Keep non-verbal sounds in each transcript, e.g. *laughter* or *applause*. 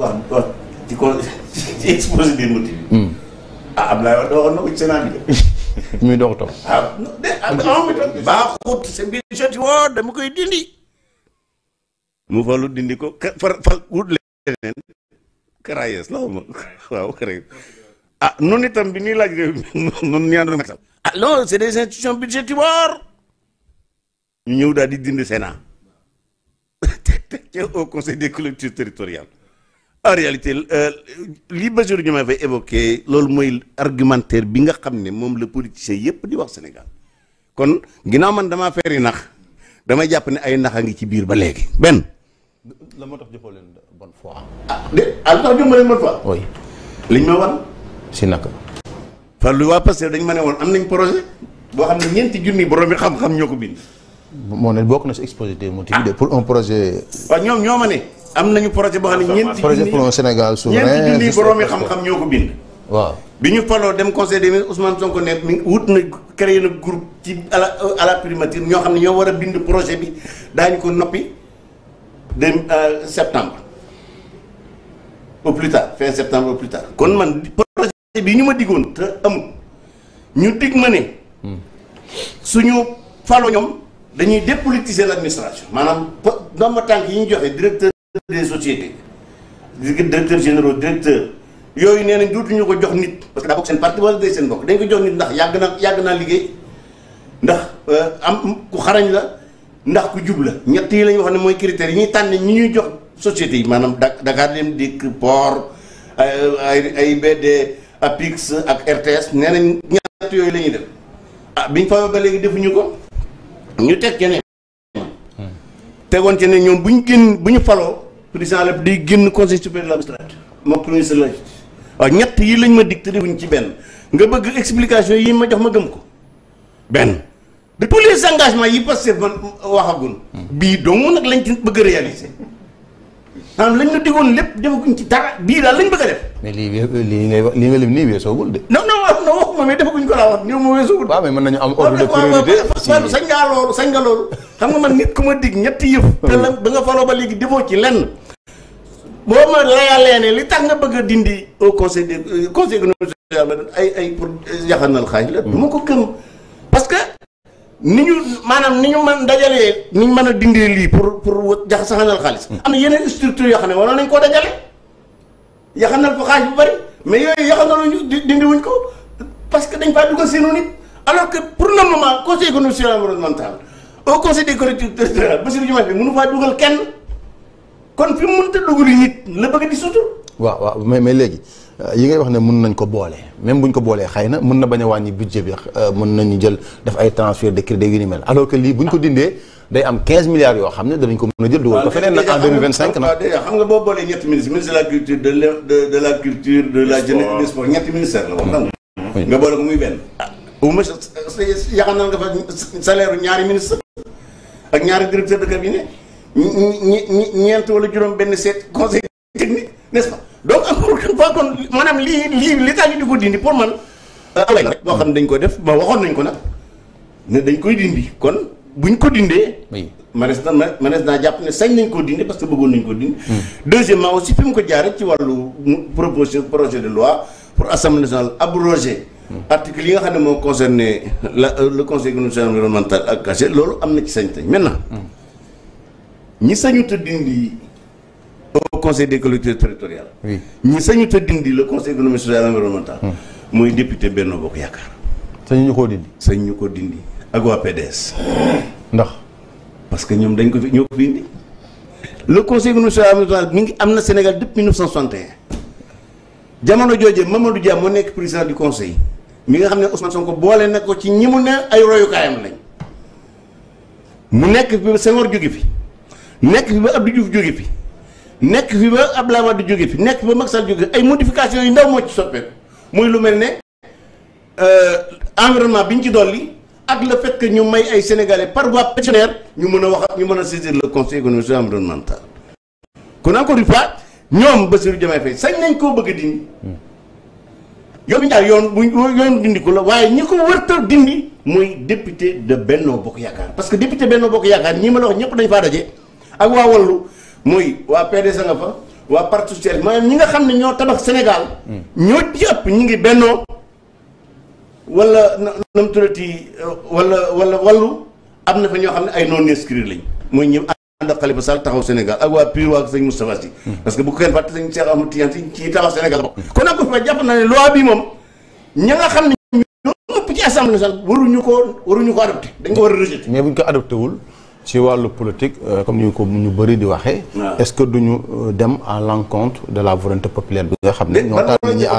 waaw waaw ci con ci exposé des motifs. Hmm. ah Abdoulaye Wade na ko ci Sénat bi de. *laughs* muy doog toog. ah de ah, ah, dama koy dindi. mu falu dindi ko far far wut leneen. Karayees la xam waaw Karayees ah itam bi ñuy laaj réew mi noonu ñaar na ma ah c'est des institutions budgétivores. ñu ñëw daal di dindi Sénat. *laughs* te te au conseil des collectivités teritorial en réalité euh, li mesure ñu Faye évoqué lool moy argumentaire bi nga xamné mom le la politicien yëpp di wax Sénégal kon ginaaw man dama féri nax dama japp né ay nax nga ci biir ba légui ben la motax tax len bonne foi. ah dé al ah, tax jox ma leen bonne foi. oui liñ ma wan. si nak fa lu wa passé dañ ma ne woon am nañ projet bo xamné ñent ñeenti junni borom bi xam-xam ñoko bind. mo né bokk na ci exposé des motifs ah. pour un projet. waaw ñoom ñoo ma am nañu projet bo xamni ñent ñeenti projet plan Sénégal souverain ñeenti junni boroomi xam-xam ñoko bind waaw biñu falo dem conseil des ministres Ousmane Sonko ne mi wut na créer na groupe ci à la euh, à la primature ño xam ne ñoo bind projet bi dañ ko nopi de euh, septembre au plus tard fin septembre au plus tard kon man projet bi ñuma ma te am ñu dig ma ne hmm. suñu falo ñom dañuy dépolitiser l'administration manam dama tank yi ñu joxe directeur des sociétés directeur généraux directeur yooyu nee nañ dootuñu ko jox nit parce que daa bok seen parti wala day seen bokk dañ ko jox nit ndax yàgg na yàgg naa liggéey ndax euh, am ku xarañ la ndax ku jub la ñett yi la ñu wax ne mooy critères yi ñuy tànn ñi ñuy jox Dakar port ay ay BD APIX ak RTS nee nañ ñett yooyu la ñuy def ah biñ fa ba léegi defuñu ko ñu teg ci hmm. tegon ci ne ñoom président la di génn conseil supérieur de l'administration moom premier ministre la waaw ñett yi lañ ma dig te defuñ ci benn nga bëgg explication yi ma jox ma gëm ko benn de tous les engagements yi passé man waxagul bii dong nag lañ ci bëgg a réaliser maanaam lañ ñu digoon lépp defaguñ ci dara bii daal lañ bëgg a def. mais lii lii ngay wax lii nga lim nii weesoogul de. non non non waxuma mais defaguñ ko laa wax ñoom moo weesoogul. waaw mais mën nañu am ordre priorité sañ ngaa loolu sañ nga loolu. xam nga man nit ku ma dig ñetti yëf. *laughs* la ba nga faloo ba léegi defoo ci lenn. boo ma layalee ne li tax nga bëgg a dindi au conseil des conseil économique social ay ay pour yaxanal xaaj la. du ma ko gëm parce ni ñu maanaam ni ñu man dajalee ni ñu mën a dindee lii pour pour jaxasaxanal xaalis. Hmm. am na yeneen structure yoo xam ne nañ koo dajale. yaxanal ko xaalis bu bari mais yooyu yaxanal ñu dindi wuñ ko parce que dañ faa dugal seenu nit alors que pour le moment conseil économique social environnemental au conseil des collectivités territoriales Bassirou Diomaye bi mënu faa dugal kenn kon fi mu mënta dugal nit la bëgg di sutur. waaw waaw mais mais léegi euh, yi ngay wax ne mën nañ ko boole même buñ ko boolee xay na mën na bañ a wàññi budget bi euh, mën nañu jël def ay transfert de crédit yu ni mel alors que lii buñ ko dindee day am 15 milliards yoo xam ne danañ ko mën a jël dugal ko feneen nag en 2025 nag ah, déjà xam nga boo boolee ñetti ministre ministre la culture de de de la culture de la jeunesse des sports ñetti ministère la woon nangu nga boole ko muy benn yaxam naan nga fa salaire ñaari ministre ak ñaari directeur de cabinet ñeent wala juróom benn seet conseil n'est-ce pas donc encore une fois kon maanaam lii li tax di ko dindi pour man alay euh, la rek boo xam dañ ko def ba waxoon nañ ko nag ne dañ koy dindi kon buñ ko dindee manes na manes naa jàpp ne sañ nañ koo dindi parce que bëggoon nañ ko dindi hmm. deuxièmement aussi fi mu ko jaare ci wàllu proposition projet de loi pour assemblée nationale abroger hmm. article yi nga xam ne moo concerné la euh, le conseil économique environnemental ak cachet loolu am ci sañ tañ maintenant hmm. ñi sañu ta conseil des collectivités territoriales. oui ñi sañu ta dindi le conseil économique social et environnemental. Hmm. mooy député Benno Bokk Yaakaar. sañu ñu koo dindi. sañ ñu ko dindi ak waa PDS. ndax. parce que ñoom dañ ko fi ñoo ko fi indi. le conseil économique social environnemental mi ngi am na Sénégal depuis 1961. jamono jooje Mamadou Dia moo nekk président du conseil mi nga xam ne Ousmane ko boolee na ko ci ñi mu ne ay royukaayam lañ. mu nekk fi Senghor jóge fi nekk fi ba Abdou Diouf jóge fi. nekk fi ba Abdoulaye Wade jóge fi nekk fi ba Macky Sall jóge ay modification yu ndaw moo ci soppeeku muy lu mel ne euh, environnement bi ñu ci dolli ak le fait que ñu may ay sénégalais par voie pétitionnaire ñu mën a wax ñu mën a saisir le conseil économique et environnemental. kon encore une fois ñoom Bassirou Diomaye Faye sañ nañ koo bëgg a dindi. Hmm. yooyu daal yoon bu yoon dindi ko la waaye ñi ko wërta dindi muy député de Benno Bokk Yaakaar parce que député Benno Bokk Yaakaar ñi ma la wax ñëpp dañ faa daje ak waa moy wa PDS nga fa wa parti socialiste maanaam ñi nga xam ño tabax senegal ño ci ñi ngi benno wala nam tuddati wala wala walu amna fa ño xam ay non inscrits lañ moy ñi ànd ak Khalifa Sall taxaw senegal ak wa PUR wa seigne Moustapha Sy parce que bu ko kenn fàtte sëñ Cheikh Amadou tiant ci taxaw senegal bokk kon nag ko fa japp na ne loi bi mom ña nga xam ñu ñoo ci assemblée nationale waru ñu ko waru ñu ko adopter dañ ko wara rejeter mais buñ ko adopter wul ci walu politique euh, comme ni ko ñu bëri di waxee. est-ce que duñu euh, dem à l'encontre de la volonté populaire bi nga xamné ñoo tax ñi à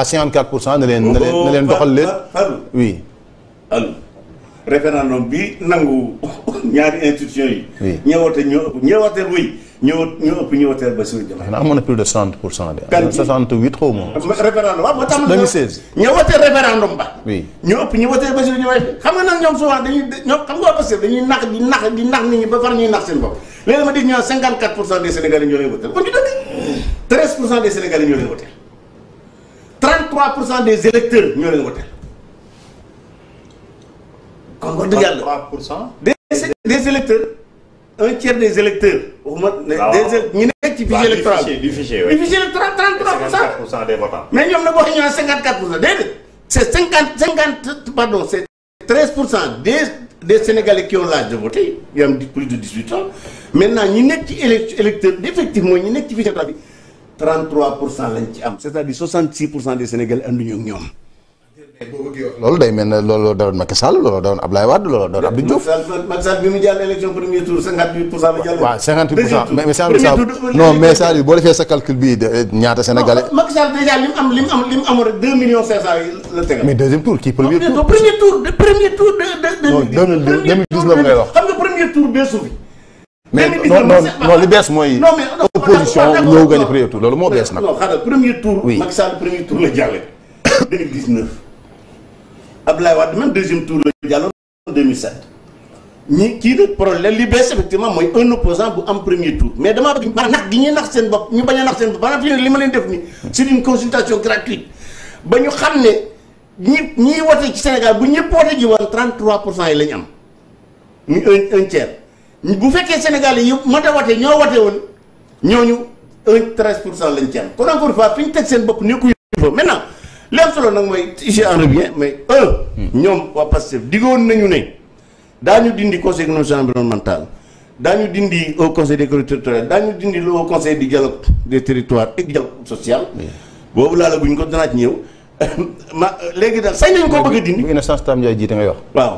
à 54 na leen na leen na leen doxal leen. oui. allo référendum bi nangu *laughs* ñaari institution yi. oui ñëwate wuy. ñoo ñoo ëpp ñoo teel Bassirou Diomaye. amoon na pour cent de. kan 68 xaw ma. référendum waaw ba. oui ñoo ëpp xam nga nag ñoom souvent dañuy ñoom xam nga parce que dañuy nax di nax di nax nit ñi ba far ñuy nax seen bopp léegi ma dégg ñu naan 54 pour cent des Sénégalais ñoo leen wote kon ñu dëgg 13 pour cent des Sénégalais ñoo leen wote 33 pour pour cent des électeurs. un tiers des électeurs. waxuma ah. des ñu nekk ci fichier bah, électoral du fichier électoral 33 pour des votants. mais ñoom nag boo 54 C'est 50 50 pardon c'est 13 des des sénégalais qui ont l'âge de voter Ils am plus de 18 ans maintenant ñu nekk ci électeur effectivement ñu nekk ci fichier électoral 33 pour cest lañ à dire 66 des sénégalais anduñu ak loolu day mel ne looloo doon Macky Sall looloo doon Ablaye Wade looloo doon Abdou Diouf. Macky Sall bi mu jàll élection premier tour 58 pour cent la jàll. waaw pour cent mais mais Sall non mais Sall boo defee sa calcul bii eh, ñaata Sénégalais. Macky Sall déjà li mu am li mu am li mu amoon rek 2 millions 500 yi premier tour. premier tour premier tour de de. non 2019 ngay mooy. non mais opposition ñëw gagné la *coughs* Ablaye Wade même deuxième tour la jàlloon 2007 Ni kii nag problème li bees effectivement mooy un opposant bu am premier tour mais damaa bëgg maanaam nax gi ñuy nax seen bopp ñu bañ a nax seen bopp maanaam li ma leen def nii c'est une consultation gratuite ba ñu xam ni ñi ñiy ci Sénégal bu ñëpp wote ji 33 pour cent yi la am muy un un tiers bu fekkee Sénégal yi yëpp mën a wote ñoo wote woon ñooñu un 13 pour cent lañ ci am kon encore une fois fi ñu teg seen bopp nekkuñu maintenant. lépp solo nag mooy ici en revient mais un ñoom waa Pastef digoon nañu ne daañu dindi conseil économique environnemental daañu dindi au conseil des collectivités territoriales daañu dindi au conseil du dialogue des territoires et dialogue social boobu laa la buñ ko danaa ci ñëw *laughs* ma léegi daal sañ nañu ko bëgg a dindi. bu innocence tam Ndiaye jiite ngay wax waaw.